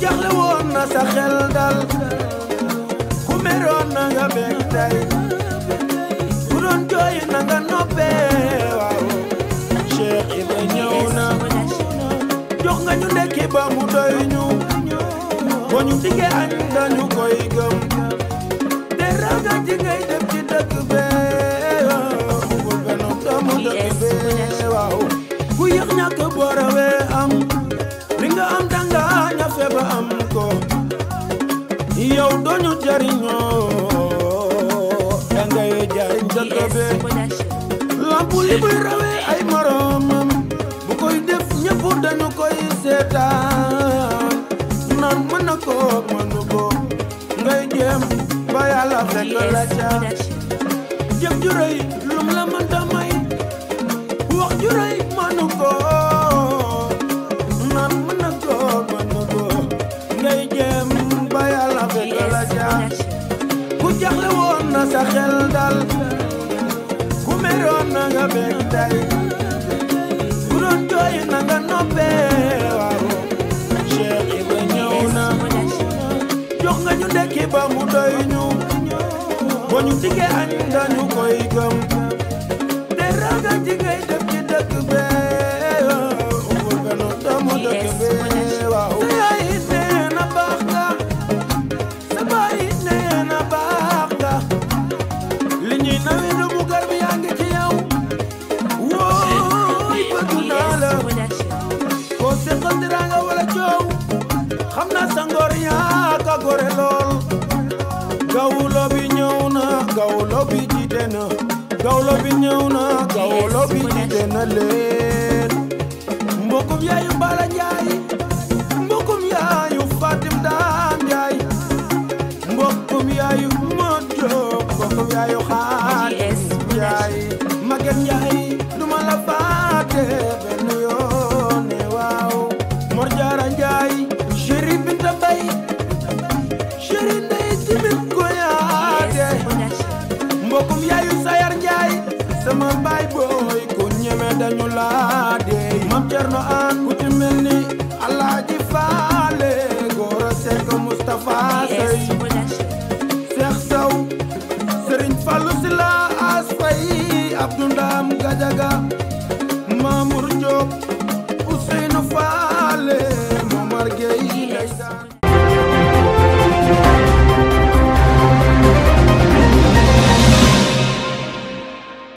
jaxle na sa dal ku meroon na nga bég tey ku doon jooy na nga noppee waaw Cheikh Ibra ñëw na jox nga ñu ndekki ba mu doy ñu boo ñu diggee añ dañu koy gëm te raga ji ngay def ci dëkk bee waaw ku yëg ñàkk boorawee yow doñu jariñoo da jariñ sa tabe lamp li muy rawee ay moromam bu koy def ñëpp dañu koy seetaan naan mën na ko mënu ko ngay jéem ba yàlla fekk la ca jëf ju lum la mënta may wax ju rëy mënu ko naan mën na ko mënu ko ngay jéem sa xel dal ku meroon na nga tay ku doon jooy na nga noppee waaw Cheikh na jox nga ñu ndekki ba mu doy ñu boo ñu diggee añ dañu koy gëm te ragal ji ngay dëkk bee waaw mu gënoon doomu dëkk bee waaw na sangoor yaa ka gore lool gawlo bi ñëw na gawlo bi jiite na gawlo bi ñëw na gawlo bi jiite na leen mbokum yaayu bala njaay mbokum yaayu fatim daan njaay mbokum yaayu modo mbokum yaayu xaalis njaay magen njaay duma la faate dañu laa dey mam Cerno